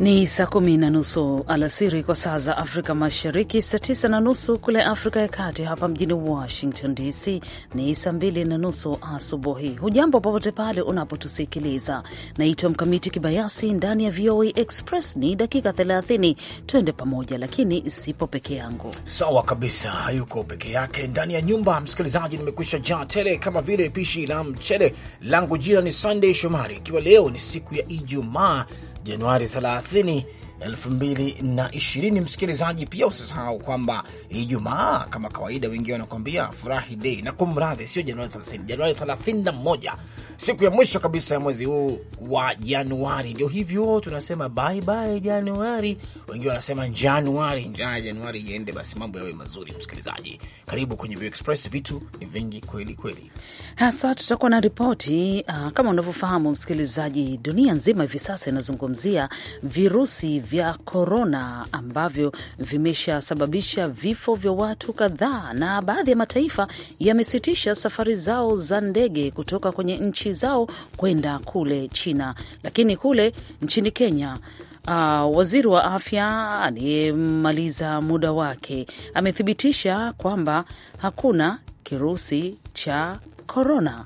Ni saa kumi na nusu alasiri kwa saa za Afrika Mashariki, saa tisa na nusu kule Afrika ya Kati. Hapa mjini Washington DC ni saa mbili na nusu asubuhi. Hujambo popote pale unapotusikiliza. Naitwa Mkamiti Kibayasi. Ndani ya VOA Express ni dakika 30, twende pamoja, lakini sipo peke yangu. Sawa kabisa, hayuko peke yake ndani ya nyumba. Msikilizaji, nimekwisha jaa tele kama vile pishi la mchele langu. Jina ni Sunday Shomari, ikiwa leo ni siku ya Ijumaa Januari 30 2020. Msikilizaji, pia usisahau kwamba Ijumaa kama kawaida, wengi wanakuambia furahi dei na kumradhi, sio Januari 30, Januari 31, siku ya mwisho kabisa ya mwezi huu wa Januari. Ndio hivyo tunasema bye bye Januari, wengi wanasema Januari, njaa Januari iende, basi mambo yawe mazuri. Msikilizaji, karibu kwenye View Express, vitu ni vingi kweli kweli, hasa tutakuwa na ripoti uh, kama unavyofahamu msikilizaji, dunia nzima hivi sasa inazungumzia virusi vya korona ambavyo vimeshasababisha vifo vya watu kadhaa, na baadhi ya mataifa yamesitisha safari zao za ndege kutoka kwenye nchi zao kwenda kule China. Lakini kule nchini Kenya Uh, waziri wa afya aliyemaliza muda wake amethibitisha kwamba hakuna kirusi cha korona.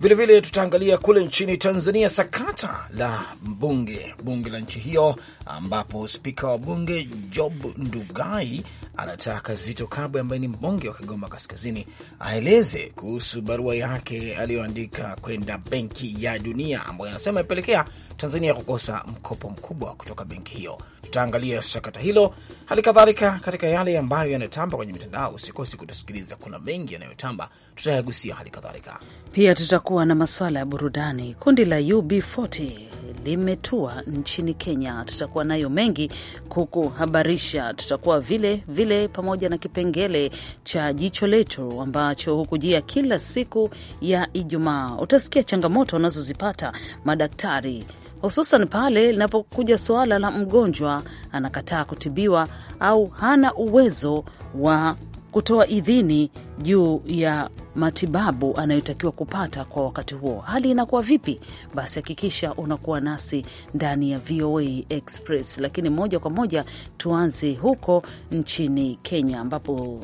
Vilevile tutaangalia kule nchini Tanzania sakata la bunge bunge la nchi hiyo ambapo spika wa bunge Job Ndugai anataka Zito Kabwe ambaye ni mbunge wa Kigoma Kaskazini aeleze kuhusu barua yake aliyoandika kwenda Benki ya Dunia ambayo anasema imepelekea Tanzania kukosa mkopo mkubwa kutoka benki hiyo. Tutaangalia sakata hilo, hali kadhalika katika yale ambayo yanatamba kwenye mitandao. Usikosi kutusikiliza, kuna mengi yanayotamba, tutayagusia hali kadhalika. Pia tutakuwa na masuala ya burudani, kundi la UB40 limetua nchini Kenya. Tutakuwa nayo mengi kukuhabarisha, tutakuwa vile vile pamoja na kipengele cha jicho letu ambacho hukujia kila siku ya Ijumaa. Utasikia changamoto wanazozipata madaktari hususan pale linapokuja suala la mgonjwa anakataa kutibiwa au hana uwezo wa kutoa idhini juu ya matibabu anayotakiwa kupata kwa wakati huo. Hali inakuwa vipi? Basi hakikisha unakuwa nasi ndani ya VOA Express. Lakini moja kwa moja tuanze huko nchini Kenya, ambapo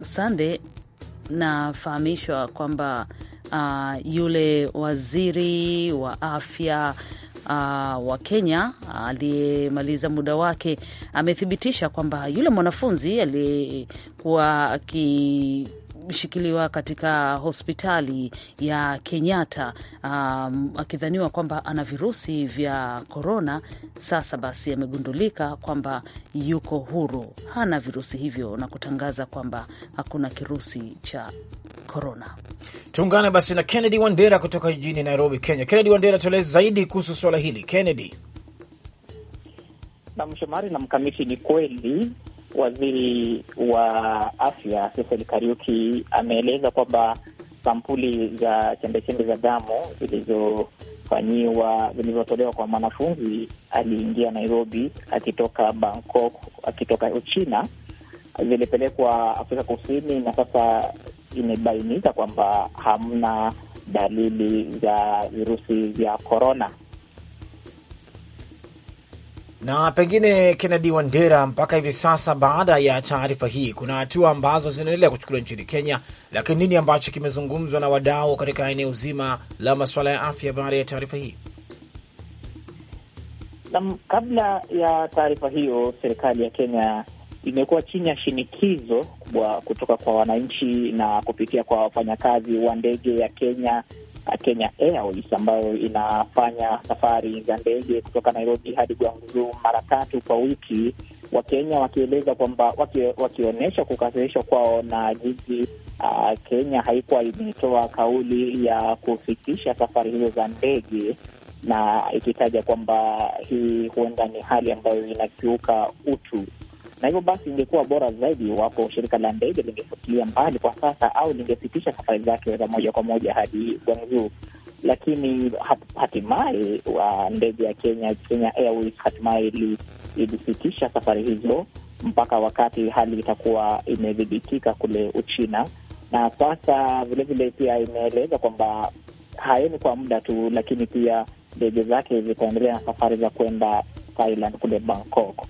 Sande nafahamishwa kwamba uh, yule waziri wa afya uh, wa Kenya aliyemaliza muda wake amethibitisha kwamba yule mwanafunzi aliyekuwa aki anashikiliwa katika hospitali ya Kenyatta um, akidhaniwa kwamba ana virusi vya korona. Sasa basi amegundulika kwamba yuko huru, hana virusi hivyo na kutangaza kwamba hakuna kirusi cha korona. Tuungane basi na Kennedy Wandera kutoka jijini Nairobi, Kenya. Kennedy Wandera, tueleze zaidi kuhusu swala hili Kennedy. Na Mshomari na Mkamiti, ni kweli waziri wa afya Kithure Kariuki ameeleza kwamba sampuli za chembechembe za damu zilizofanyiwa zilizotolewa kwa mwanafunzi aliingia Nairobi akitoka Bangkok, akitoka Uchina zilipelekwa Afrika Kusini na sasa imebainika kwamba hamna dalili za virusi vya korona. Na pengine Kennedy Wandera, mpaka hivi sasa, baada ya taarifa hii, kuna hatua ambazo zinaendelea kuchukuliwa nchini Kenya, lakini nini ambacho kimezungumzwa na wadau katika eneo zima la masuala ya afya baada ya taarifa hii? Na kabla ya taarifa hiyo, serikali ya Kenya imekuwa chini ya shinikizo kubwa kutoka kwa wananchi na kupitia kwa wafanyakazi wa ndege ya Kenya Uh, Kenya Airways ambayo inafanya safari za ndege kutoka Nairobi hadi Gwangulu mara tatu kwa wiki, Wakenya wakieleza kwamba wakionyesha kukasirishwa kwao na jiji uh, Kenya haikuwa imetoa kauli ya kufikisha safari hizo za ndege na ikitaja kwamba hii huenda ni hali ambayo inakiuka utu na hivyo basi ingekuwa bora zaidi iwapo shirika la ndege lingefutilia mbali kwa sasa au lingesitisha safari zake za moja kwa moja hadi Guangzhou. Lakini hatimaye wa ndege ya Kenya, Kenya Airways, hatimaye ilisitisha safari hizo mpaka wakati hali itakuwa imedhibitika kule Uchina. Na sasa vilevile pia imeeleza kwamba haeni kwa muda tu, lakini pia ndege zake zitaendelea na safari za kwenda Thailand kule Bangkok.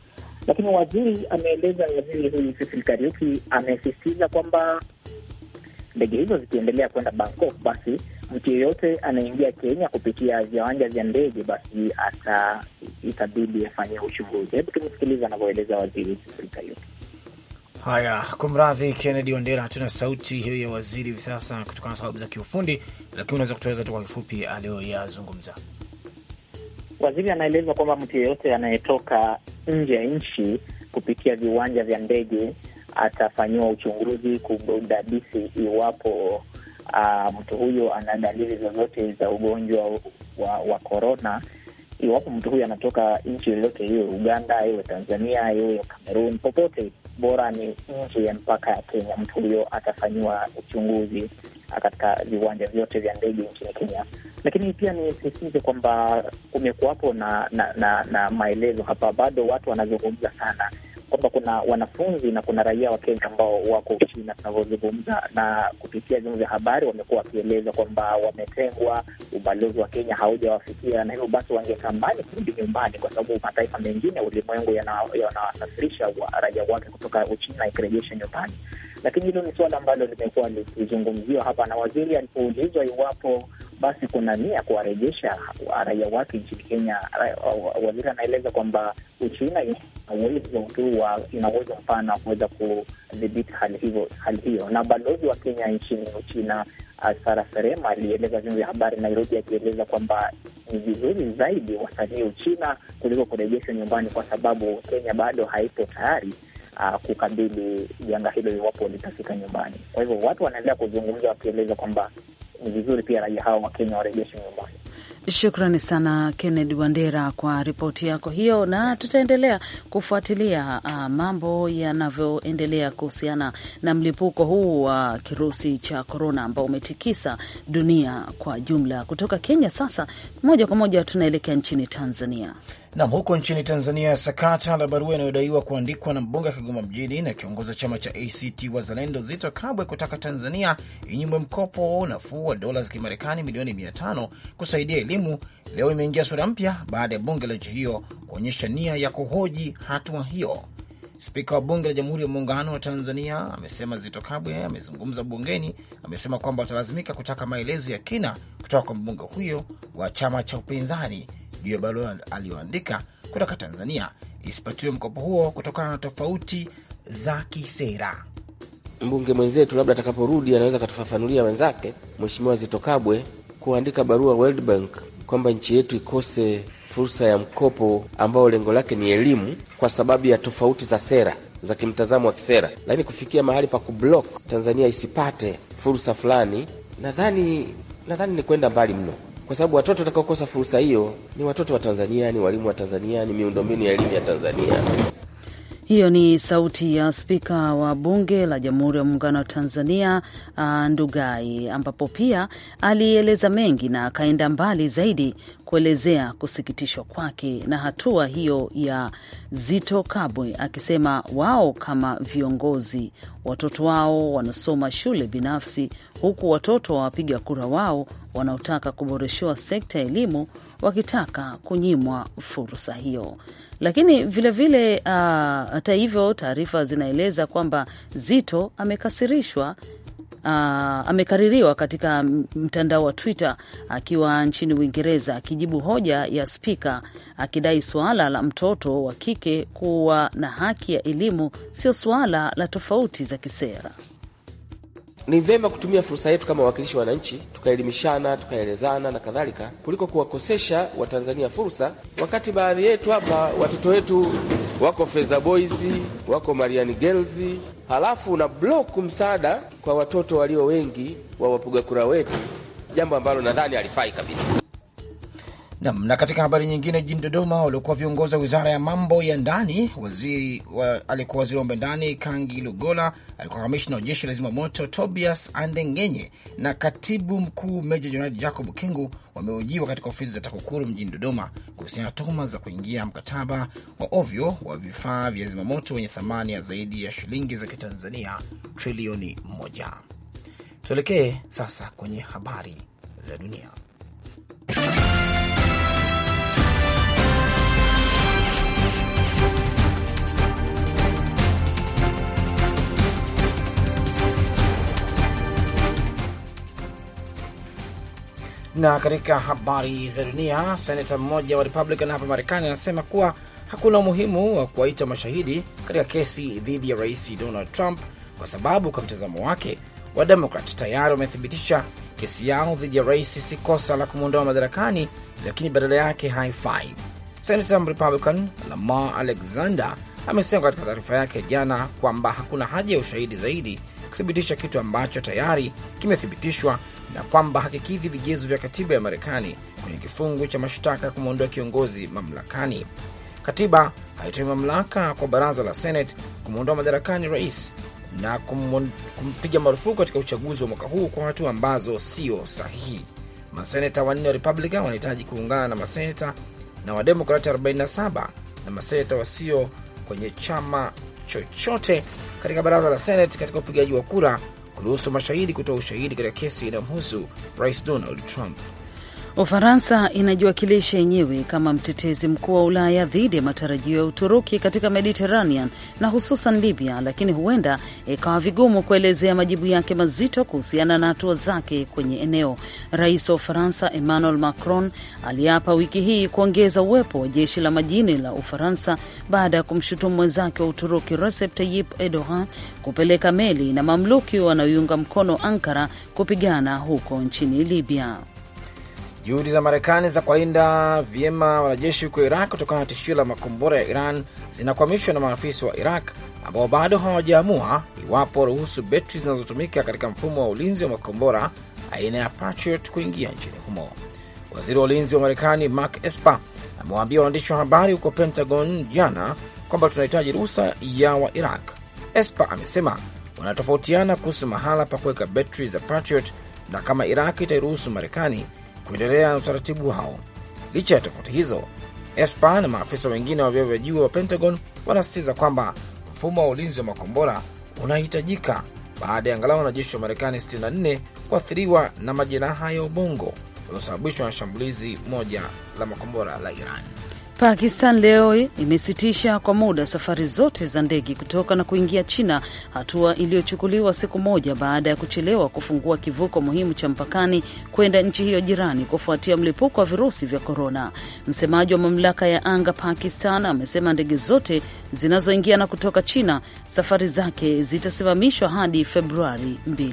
Lakini waziri ameeleza, waziri huyu Sicily Kariuki amesisitiza kwamba ndege hizo zikiendelea kwenda Bangkok, basi mtu yeyote anaingia Kenya kupitia viwanja vya ndege, basi ata itabidi afanye uchunguzi. Hebu tumsikiliza anavyoeleza waziri Sicily Kariuki. Haya, kumradhi Kennedy Wandera, hatuna sauti hiyo ya waziri hivi sasa kutokana na sababu za kiufundi, lakini unaweza kutueleza tu kwa kifupi aliyoyazungumza. Waziri anaeleza kwamba mtu yeyote anayetoka nje ya nchi kupitia viwanja vya ndege atafanyiwa uchunguzi kudadisi iwapo uh, mtu huyo ana dalili zozote za ugonjwa wa, wa korona. Iwapo mtu huyo anatoka nchi yoyote, iwe Uganda, iwe Tanzania, iwe Kamerun, popote, bora ni nje ya mpaka ya Kenya, mtu huyo atafanyiwa uchunguzi Uh, katika viwanja vyote vya ndege nchini Kenya. Lakini pia nisisitize kwamba kumekuwapo na, na, na, na maelezo hapa, bado watu wanazungumza sana kwamba kuna wanafunzi na kuna raia wa Kenya ambao wako Uchina tunavyozungumza, na kupitia vyombo vya habari wamekuwa wakieleza kwamba wametengwa, ubalozi wa Kenya haujawafikia, na hivyo basi wangetamani kurudi nyumbani, kwa sababu mataifa mengine ulimwengu yanawasafirisha wa raia wake kutoka Uchina ikirejesha nyumbani. Lakini hilo ni suala ambalo limekuwa likizungumziwa hapa, na waziri alipoulizwa iwapo basi kuna nia kuwarejesha raia wake nchini Kenya, waziri anaeleza kwamba Uchina uwezo tu wa ina uwezo mpana kuweza kudhibiti hali hiyo hali hiyo. Na balozi wa Kenya nchini Uchina uh, Sara Serema alieleza vyombo vya habari Nairobi, akieleza kwamba ni vizuri zaidi wasanii Uchina kuliko kurejeshwa nyumbani, kwa sababu Kenya bado haipo tayari Uh, kukabili janga hilo iwapo litafika nyumbani. Kwa hivyo watu wanaendelea kuzungumza wakieleza kwamba ni vizuri pia raia hao wa Kenya warejeshwe nyumbani. Shukrani sana Kennedy Wandera kwa ripoti yako hiyo, na tutaendelea kufuatilia uh, mambo yanavyoendelea kuhusiana na mlipuko huu wa uh, kirusi cha korona ambao umetikisa dunia kwa jumla. Kutoka Kenya sasa moja kwa moja tunaelekea nchini Tanzania. Nam, huko nchini Tanzania, sakata la barua inayodaiwa kuandikwa na mbunge wa Kigoma mjini na kiongozi wa chama cha ACT Wazalendo Zito Kabwe kutaka Tanzania inyimwe mkopo nafuu wa dola za Kimarekani milioni 5 kusaidia elimu, leo imeingia sura mpya baada ya bunge la nchi hiyo kuonyesha nia ya kuhoji hatua hiyo. Spika wa Bunge la Jamhuri ya Muungano wa Tanzania amesema Zito Kabwe amezungumza bungeni, amesema kwamba watalazimika kutaka maelezo ya kina kutoka kwa mbunge huyo wa chama cha upinzani juu ya barua aliyoandika kutoka Tanzania isipatiwe mkopo huo kutokana na tofauti za kisera. Mbunge mwenzetu labda atakaporudi anaweza akatufafanulia wenzake, Mheshimiwa zitokabwe Kabwe, kuandika barua World Bank kwamba nchi yetu ikose fursa ya mkopo ambao lengo lake ni elimu kwa sababu ya tofauti za sera za kimtazamo wa kisera, lakini kufikia mahali pa kublock Tanzania isipate fursa fulani, nadhani nadhani ni kwenda mbali mno kwa sababu watoto watakaokosa fursa hiyo ni watoto wa Tanzania, ni walimu wa Tanzania, ni miundombinu ya elimu ya Tanzania. Hiyo ni sauti ya spika wa bunge la Jamhuri ya Muungano wa Tanzania, ah, Ndugai, ambapo pia alieleza mengi na akaenda mbali zaidi kuelezea kusikitishwa kwake na hatua hiyo ya Zito Kabwe, akisema wao kama viongozi, watoto wao wanasoma shule binafsi, huku watoto wa wapiga kura wao wanaotaka kuboreshewa sekta ya elimu wakitaka kunyimwa fursa hiyo. Lakini vilevile ah, hata uh, hivyo taarifa zinaeleza kwamba Zito amekasirishwa Uh, amekaririwa katika mtandao wa Twitter akiwa nchini Uingereza akijibu hoja ya spika akidai suala la mtoto wa kike kuwa na haki ya elimu sio suala la tofauti za kisera. Ni vyema kutumia fursa yetu kama wawakilishi wa wananchi, tukaelimishana, tukaelezana na kadhalika, kuliko kuwakosesha Watanzania fursa, wakati baadhi yetu hapa watoto wetu wako Feza Boys, wako mariani Girls, halafu na block msaada kwa watoto walio wengi wa wapiga kura wetu, jambo ambalo nadhani halifai kabisa. Nam. Na katika habari nyingine, jijini Dodoma, waliokuwa viongozi wa wizara ya mambo ya ndani, waziri wa, alikuwa waziri wa mambo ya ndani Kangi Lugola, alikuwa kamishna wa jeshi la zimamoto Tobias Andengenye na katibu mkuu meja jenerali Jacob Kingu wameojiwa katika ofisi za TAKUKURU mjini Dodoma kuhusiana na tuhuma za kuingia mkataba wa ovyo wa vifaa vya zimamoto wenye thamani ya zaidi ya shilingi za kitanzania trilioni moja. Tuelekee sasa kwenye habari za dunia. Na katika habari za dunia, senata mmoja wa Republican hapa Marekani anasema kuwa hakuna umuhimu wa kuwaita mashahidi katika kesi dhidi ya rais Donald Trump kwa sababu kwa mtazamo wake Wademokrat tayari wamethibitisha kesi yao dhidi ya rais si kosa la kumwondoa madarakani, lakini badala yake haifai. Senata Republican Lamar Alexander amesema katika taarifa yake jana kwamba hakuna haja ya ushahidi zaidi kuthibitisha kitu ambacho tayari kimethibitishwa na kwamba hakikidhi vigezo vya katiba ya Marekani kwenye kifungu cha mashtaka ya kumwondoa kiongozi mamlakani. Katiba haitoi mamlaka kwa baraza la Senate kumwondoa madarakani rais na kumpiga marufuku katika uchaguzi wa mwaka huu kwa hatua ambazo sio sahihi. Maseneta wanne wa Republican wanahitaji kuungana na maseneta na wademokrati 47 na maseneta wasio kwenye chama chochote katika baraza la Senate katika upigaji wa kura kuruhusu mashahidi kutoa ushahidi katika kesi inayomhusu rais Donald Trump. Ufaransa inajiwakilisha yenyewe kama mtetezi mkuu wa Ulaya dhidi ya matarajio ya Uturuki katika Mediterranean na hususan Libya, lakini huenda ikawa vigumu kuelezea majibu yake mazito kuhusiana na hatua zake kwenye eneo. Rais wa Ufaransa Emmanuel Macron aliapa wiki hii kuongeza uwepo wa jeshi la majini la Ufaransa baada ya kumshutumu mwenzake wa Uturuki Recep Tayyip Erdogan kupeleka meli na mamluki wanaoiunga mkono Ankara kupigana huko nchini Libya. Juhudi za Marekani za kuwalinda vyema wanajeshi huko Iraq kutokana na tishio la makombora ya Iran zinakwamishwa na maafisa wa Iraq ambao bado hawajaamua iwapo ruhusu betri zinazotumika katika mfumo wa ulinzi wa makombora aina ya Patriot kuingia nchini humo. Waziri wa ulinzi wa Marekani Mark Esper amewaambia waandishi wa habari huko Pentagon jana kwamba tunahitaji ruhusa ya wa Iraq. Esper amesema wanatofautiana kuhusu mahala pa kuweka betri za Patriot na kama Iraq itairuhusu Marekani kuendelea na utaratibu wao. Licha ya tofauti hizo, espa na maafisa wengine wa vyeo vya juu wa Pentagon wanasisitiza kwamba mfumo wa ulinzi wa makombora unahitajika baada ya angalau wanajeshi wa Marekani 64 kuathiriwa na majeraha ya ubongo uliosababishwa na shambulizi moja la makombora la Iran. Pakistan leo imesitisha kwa muda safari zote za ndege kutoka na kuingia China, hatua iliyochukuliwa siku moja baada ya kuchelewa kufungua kivuko muhimu cha mpakani kwenda nchi hiyo jirani kufuatia mlipuko wa virusi vya korona. Msemaji wa mamlaka ya anga Pakistan amesema ndege zote zinazoingia na kutoka China safari zake zitasimamishwa hadi Februari 2.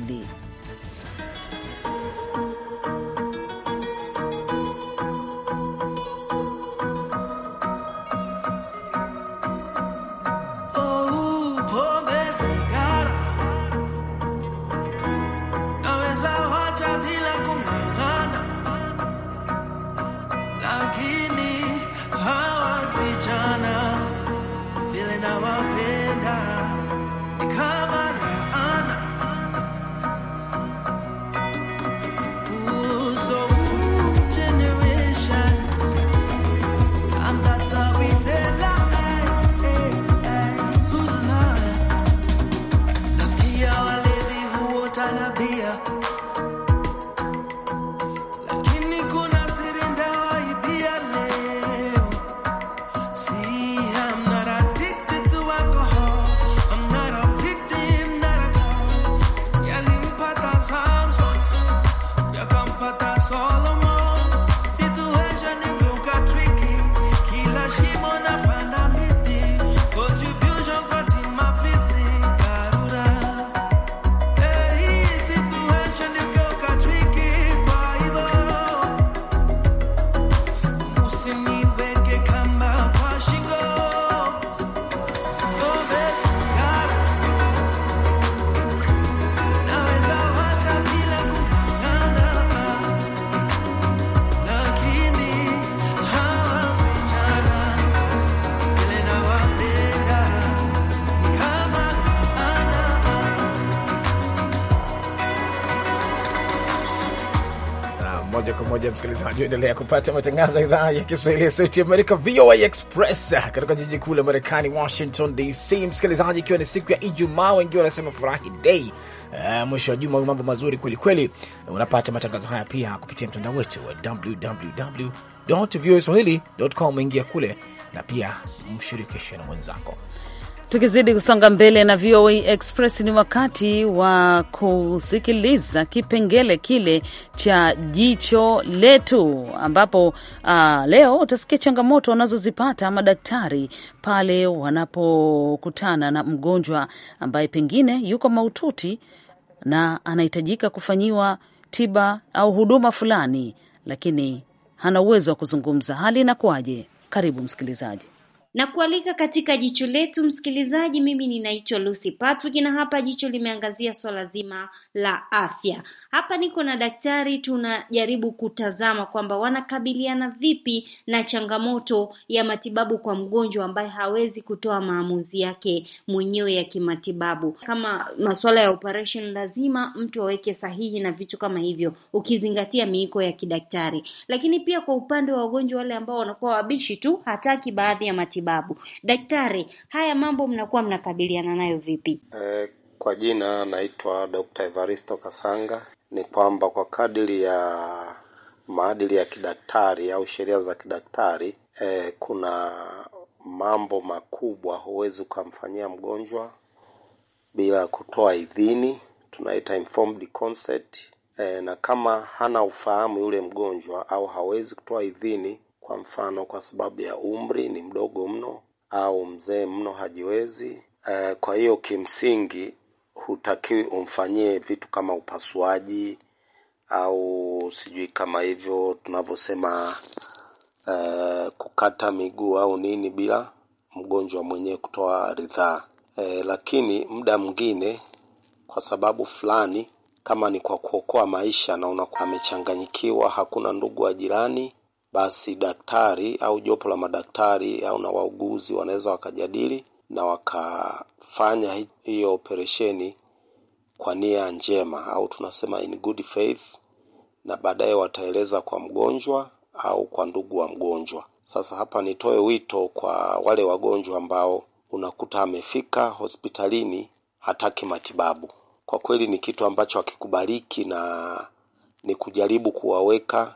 unaendelea kupata matangazo ya idhaa ya Kiswahili ya Sauti Amerika, VOA Express, kutoka jiji kuu la Marekani, Washington DC. Msikilizaji, ikiwa ni siku ya Ijumaa, wengi wanasema furahi dei, uh, mwisho wa juma, mambo mazuri kwelikweli. Unapata matangazo haya pia kupitia mtandao wetu wa www voa swahili com. Ingia kule na pia mshirikishe na mwenzako. Tukizidi kusonga mbele na VOA Express, ni wakati wa kusikiliza kipengele kile cha jicho letu, ambapo uh, leo utasikia changamoto wanazozipata madaktari pale wanapokutana na mgonjwa ambaye pengine yuko mahututi na anahitajika kufanyiwa tiba au huduma fulani, lakini hana uwezo wa kuzungumza. Hali inakuwaje? Karibu msikilizaji na kualika katika jicho letu msikilizaji. Mimi ninaitwa Lucy Patrick na hapa jicho limeangazia swala zima la afya. Hapa niko na daktari, tunajaribu kutazama kwamba wanakabiliana vipi na changamoto ya matibabu kwa mgonjwa ambaye hawezi kutoa maamuzi yake mwenyewe ya kimatibabu, kama masuala ya operation, lazima mtu aweke sahihi na vitu kama hivyo, ukizingatia miiko ya kidaktari. Lakini pia kwa upande wa wagonjwa wale ambao wanakuwa wabishi tu, hataki baadhi ya matibabu matibabu. Daktari, haya mambo mnakuwa mnakabiliana nayo vipi? Eh, kwa jina naitwa Dr. Evaristo Kasanga. Ni kwamba kwa kadiri ya maadili ya kidaktari au sheria za kidaktari eh, kuna mambo makubwa huwezi ukamfanyia mgonjwa bila kutoa idhini, tunaita informed consent. E, na kama hana ufahamu yule mgonjwa au hawezi kutoa idhini kwa mfano kwa sababu ya umri ni mdogo mno au mzee mno hajiwezi. E, kwa hiyo kimsingi hutakiwi umfanyie vitu kama upasuaji au sijui kama hivyo tunavyosema e, kukata miguu au nini bila mgonjwa mwenyewe kutoa ridhaa. E, lakini muda mwingine kwa sababu fulani kama ni kwa kuokoa maisha na unakuwa amechanganyikiwa, hakuna ndugu wa jirani basi daktari au jopo la madaktari au na wauguzi wanaweza wakajadili na wakafanya hiyo operesheni kwa nia njema au tunasema in good faith, na baadaye wataeleza kwa mgonjwa au kwa ndugu wa mgonjwa. Sasa hapa nitoe wito kwa wale wagonjwa ambao unakuta amefika hospitalini hataki matibabu, kwa kweli ni kitu ambacho hakikubaliki, na ni kujaribu kuwaweka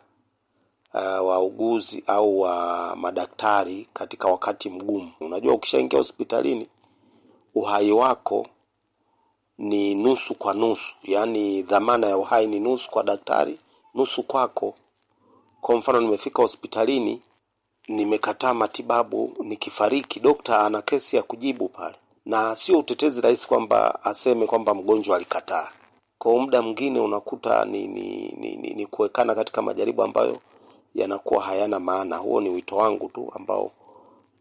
uh, wauguzi au wa madaktari katika wakati mgumu. Unajua, ukishaingia hospitalini uhai wako ni nusu kwa nusu, yaani dhamana ya uhai ni nusu kwa daktari, nusu kwako. Kwa mfano, nimefika hospitalini nimekataa matibabu, nikifariki, dokta ana kesi ya kujibu pale, na sio utetezi rahisi kwamba aseme kwamba mgonjwa alikataa. Kwa muda mwingine unakuta ni, ni, ni, ni, ni kuwekana katika majaribu ambayo yanakuwa hayana maana. Huo ni wito wangu tu ambao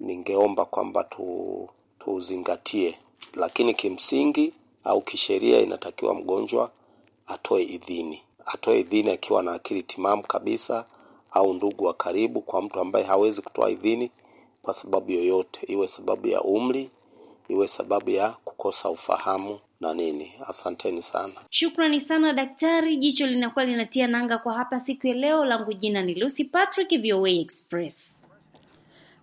ningeomba kwamba tu tuzingatie, lakini kimsingi au kisheria inatakiwa mgonjwa atoe idhini, atoe idhini akiwa na akili timamu kabisa, au ndugu wa karibu. Kwa mtu ambaye hawezi kutoa idhini kwa sababu yoyote, iwe sababu ya umri, iwe sababu ya kukosa ufahamu na nini. Asanteni sana, shukrani sana daktari. Jicho linakuwa linatia nanga kwa hapa siku ya leo. Langu jina ni Lucy Patrick, VOA Express.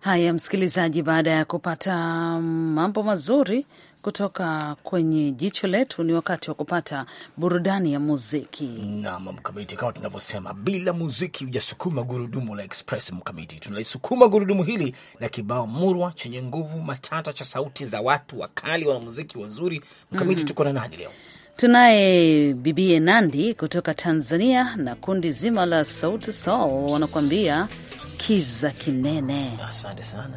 Haya msikilizaji, baada ya kupata mambo mazuri kutoka kwenye jicho letu, ni wakati wa kupata burudani ya muziki. Naam, Mkamiti, kama tunavyosema, bila muziki hujasukuma gurudumu la Express. Mkamiti, tunalisukuma gurudumu hili na kibao murwa chenye nguvu matata cha sauti za watu wakali, wana muziki wazuri. Mkamiti, mm -hmm. tuko na nani leo? Tunaye bibie Nandi kutoka Tanzania na kundi zima la Sauti Sol wanakuambia Kiza Kinene. Asante sana.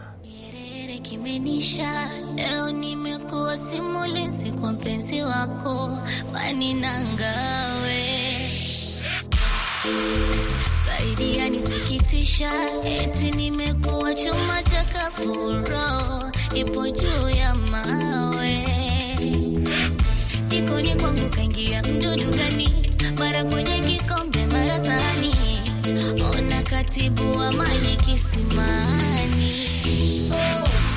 kimenisha, leo nimekuwa simulizi kwa mpenzi wako waninangawe zaidi yanisikitisha, eti nimekuwa chuma cha kafuro, ipo juu ya mawe jikoni kwangu, kaingia mdudu gani mara kwenye kikombe Katibu wa maji kisimani oh.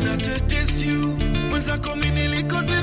na tetesi mwenzako mimi nilikosa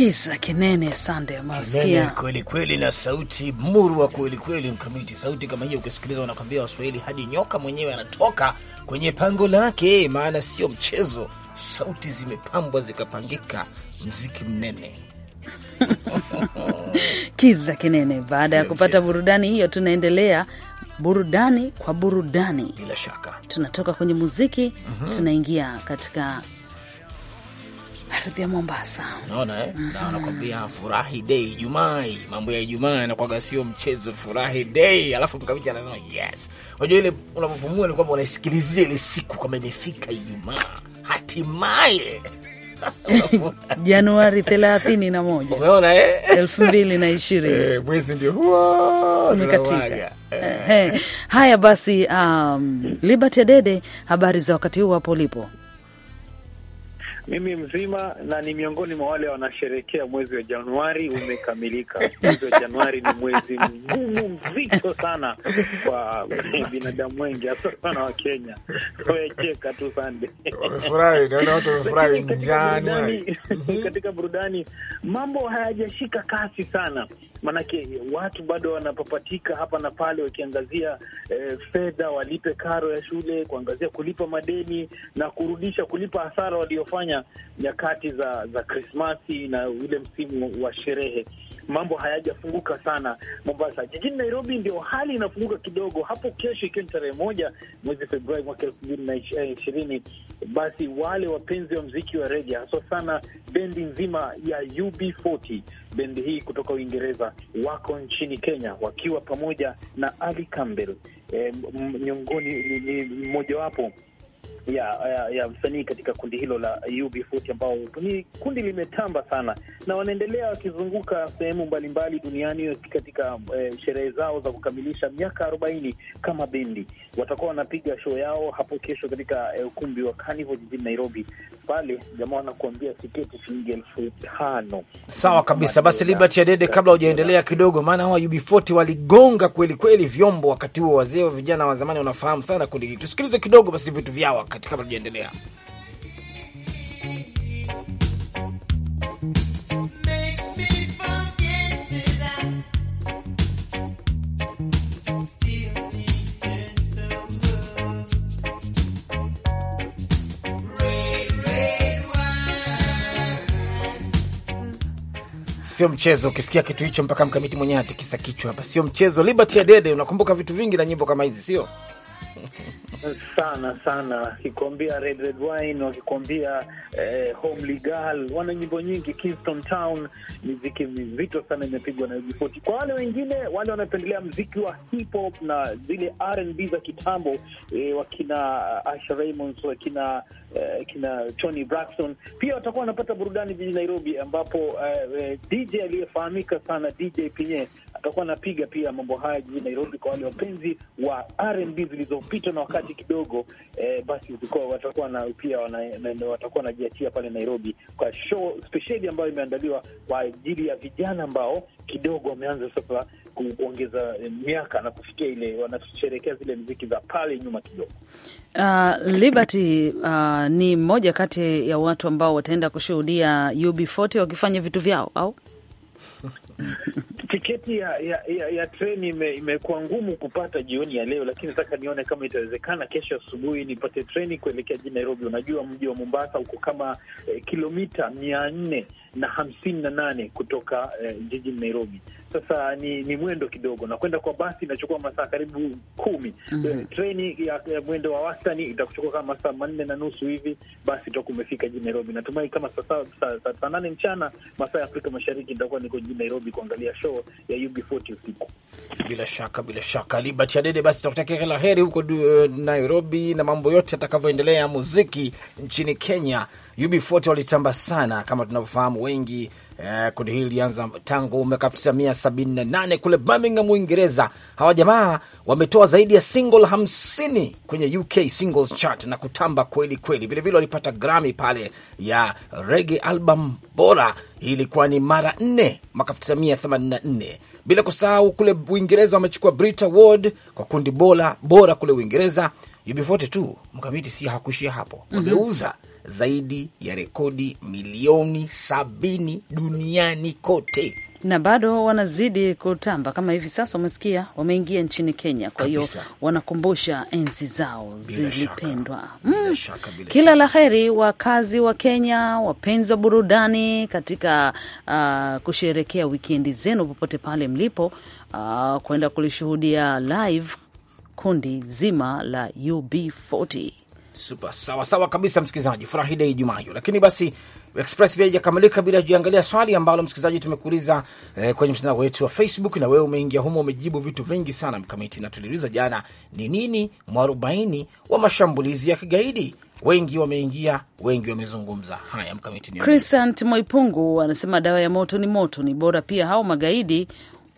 kisa kinene sande, masikia kweli kweli, na sauti murwa kweli kweli, mkamiti sauti kama hiyo ukisikiliza, wanakwambia Waswahili hadi nyoka mwenyewe anatoka kwenye pango lake, maana sio mchezo. Sauti zimepambwa zikapangika, mziki mnene kiza kinene. Baada ya kupata mchezo, burudani hiyo, tunaendelea burudani kwa burudani. Bila shaka tunatoka kwenye muziki, mm -hmm. tunaingia katika ardhi ya Mombasa. Unaona eh? Mm-hmm. Na Nakwambia furahi day Jumai, mambo ya Ijumaa yanakuwa sio mchezo, furahi day. Alafu mkamiti anasema yes. Unajua ile unapopumua ni kwamba unaisikilizia ile siku kama imefika Ijumaa. Hatimaye. Januari 31. Umeona eh? 2020. Eh, mwezi ndio huo. Umekatika. Eh, eh. Haya basi, um, Liberty Dede, habari za wakati huu hapo ulipo. Mimi mzima na ni miongoni mwa wale wanasherehekea mwezi wa Januari umekamilika. Mwezi wa Januari ni mwezi mgumu mzito sana kwa binadamu wengi, hasa sana wa Kenya. Wecheka tu sande, Katika burudani mambo hayajashika kasi sana maanake watu bado wanapapatika hapa na pale wakiangazia eh, fedha walipe karo ya shule, kuangazia kulipa madeni na kurudisha kulipa hasara waliofanya nyakati za za Krismasi na ule msimu wa sherehe mambo hayajafunguka sana Mombasa. Jijini Nairobi ndio hali inafunguka kidogo. Hapo kesho, ikiwa ni tarehe moja mwezi Februari mwaka elfu mbili na eh, ishirini, basi wale wapenzi wa mziki wa rege haswa sana bendi nzima ya UB40 bendi hii kutoka Uingereza wako nchini Kenya wakiwa pamoja na Ali Campbell, e, miongoni ni mmojawapo ya, ya, ya msanii katika kundi hilo la UB40 ambao ni kundi limetamba sana na wanaendelea wakizunguka sehemu mbalimbali duniani katika eh, sherehe zao za kukamilisha miaka arobaini kama bendi. Watakuwa wanapiga show yao hapo kesho katika eh, ukumbi wa Carnival jijini Nairobi. Pale jamaa wanakuambia tiketi shilingi elfu tano. Sawa kabisa. Basi Liberty Dede, kabla hujaendelea kidogo, maana hawa UB40 waligonga kweli kweli vyombo wakati huo, wazee wa vijana wa zamani wanafahamu sana kundi hili. Tusikilize kidogo basi vitu vyao wakati Tonight kabla tujaendelea Sio mchezo. Ukisikia kitu hicho, mpaka mkamiti mwenyewe atikisa kichwa hapa. Sio mchezo. Liberty Adede, unakumbuka vitu vingi na nyimbo kama hizi, sio? sana sana, akikuambia Red Red Wine, wakikwambia eh, Homely Girl, wana nyimbo nyingi. Kingston Town, miziki mizito sana imepigwa na Ejipoti. Kwa wale wengine wale wanapendelea mziki wa hip hop na zile RnB za kitambo eh, wakina Asha uh, Raymond, wakina eh, kina Tony Braxton pia watakuwa wanapata burudani jijini Nairobi, ambapo eh, eh DJ aliyefahamika sana DJ Pinye atakuwa anapiga pia mambo haya jijini Nairobi kwa wale wapenzi wa R&B zilizopita na wakati kidogo. Eh, basi watakuwa na pia watakuwa wanajiachia pale Nairobi kwa show spesheli ambayo imeandaliwa kwa ajili ya vijana ambao kidogo wameanza sasa kuongeza miaka na kufikia ile wanasherehekea zile mziki za pale nyuma kidogo. Uh, Liberty uh, ni mmoja kati ya watu ambao wataenda kushuhudia UB40 wakifanya vitu vyao au tiketi ya ya, ya, ya treni imekuwa ime ngumu kupata jioni ya leo, lakini nataka nione kama itawezekana kesho asubuhi nipate treni kuelekea jijini Nairobi. Unajua mji wa Mombasa uko kama eh, kilomita mia nne na hamsini na nane kutoka eh, jijini Nairobi sasa ni, ni mwendo kidogo, na kwenda kwa basi inachukua masaa karibu kumi. mm -hmm. Treni ya, ya mwendo wa wastani itakuchukua kama masaa manne na nusu hivi, basi utakuwa umefika jijini Nairobi. Natumai kama saa saa nane mchana masaa ya Afrika Mashariki nitakuwa niko jijini Nairobi kuangalia show ya UB40 usiku. Bila shaka, bila shaka, Liberty Adede, basi tutakutakia kila heri huko eh, Nairobi na mambo yote yatakavyoendelea muziki nchini Kenya. UB40 walitamba sana kama tunavyofahamu wengi Eh, kundi hili lilianza tangu mwaka 1978 kule Birmingham, Uingereza. Hawa jamaa wametoa zaidi ya single 50 kwenye UK singles chart na kutamba kweli kweli. Vilevile walipata Grammy pale ya reggae album bora, hii ilikuwa ni mara nne mwaka 1984. Bila kusahau kule Uingereza wamechukua Brit Award kwa kundi bora bora kule Uingereza. UB42 mkamiti si hakuishia hapo, mhm. wameuza mm -hmm zaidi ya rekodi milioni sabini duniani kote na bado wanazidi kutamba. Kama hivi sasa umesikia, wameingia nchini Kenya, kwa hiyo wanakumbusha enzi zao zilipendwa. Mm, kila la heri wakazi wa Kenya, wapenzi wa burudani katika uh, kusherekea wikendi zenu popote pale mlipo, uh, kwenda kulishuhudia live kundi zima la UB40. Super sawa sawa kabisa, msikilizaji, furahi dei Ijumaa hiyo. Lakini basi express pia haijakamilika bila kujiangalia swali ambalo msikilizaji tumekuuliza eh, kwenye mtandao wetu wa Facebook, na wewe umeingia humo, umejibu vitu vingi sana mkamiti, na tuliuliza jana, ni nini mwarobaini wa mashambulizi ya kigaidi? Wengi wameingia, wengi wamezungumza. Haya, mkamiti ni Crisant Moipungu anasema dawa ya moto ni moto, ni bora pia hao magaidi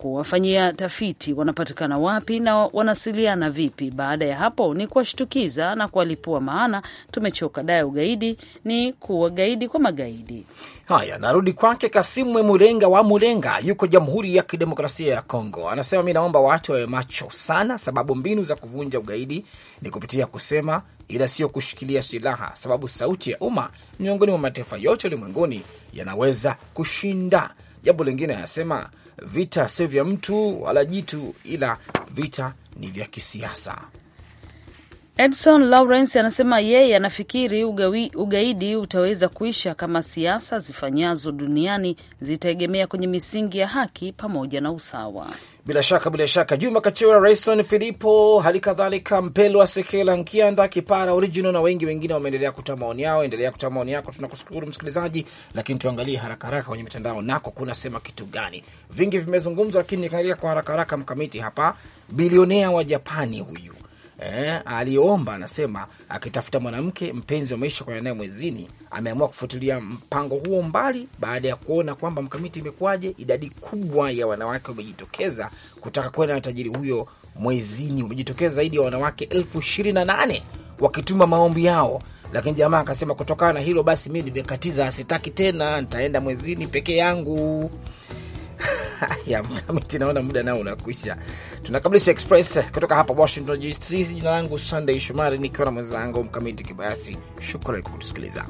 kuwafanyia tafiti wanapatikana wapi na wanasiliana vipi. Baada ya hapo ni kuwashtukiza na kuwalipua, maana tumechoka daya. Ugaidi ni kuwa gaidi kwa magaidi. Haya, narudi kwake Kasimwe Mulenga wa Mulenga, yuko Jamhuri ya Kidemokrasia ya Kongo. Anasema, mi naomba watu wawe macho sana, sababu mbinu za kuvunja ugaidi ni kupitia kusema, ila sio kushikilia silaha, sababu sauti ya umma miongoni mwa mataifa yote ulimwenguni yanaweza kushinda. Jambo lingine anasema vita sio vya mtu wala jitu, ila vita ni vya kisiasa. Edson Lawrence anasema yeye anafikiri ugawi, ugaidi utaweza kuisha kama siasa zifanyazo duniani zitaegemea kwenye misingi ya haki pamoja na usawa. Bila shaka bila shaka, Juma Kachora, Raison Filipo, hali kadhalika Mpelwa Sekela, Nkianda Kipara Original na wengi wengine wameendelea kutoa maoni yao. Endelea kutoa maoni yako, tunakushukuru msikilizaji. Lakini tuangalie haraka haraka kwenye mitandao, nako kunasema kitu gani? Vingi vimezungumzwa, lakini nikaangalia kwa haraka haraka. Mkamiti hapa, bilionea wa Japani huyu eh, aliomba anasema, akitafuta mwanamke mpenzi wa maisha kwenye naye mwezini. Ameamua kufutilia mpango huo mbali baada ya kuona kwamba mkamiti imekuwaje, idadi kubwa ya wanawake wamejitokeza kutaka kwenda na tajiri huyo mwezini. Wamejitokeza zaidi ya wanawake elfu ishirini na nane wakituma maombi yao lakini jamaa akasema kutokana na hilo basi, mimi nimekatiza, sitaki tena, nitaenda mwezini peke yangu. ya mkamiti, naona muda nao unakwisha. Tunakamilisha Express kutoka hapa Washington DC. Jina langu Sunday Shomari, nikiwa na mwenzangu mkamiti Kibayasi. Shukrani kwa kutusikiliza.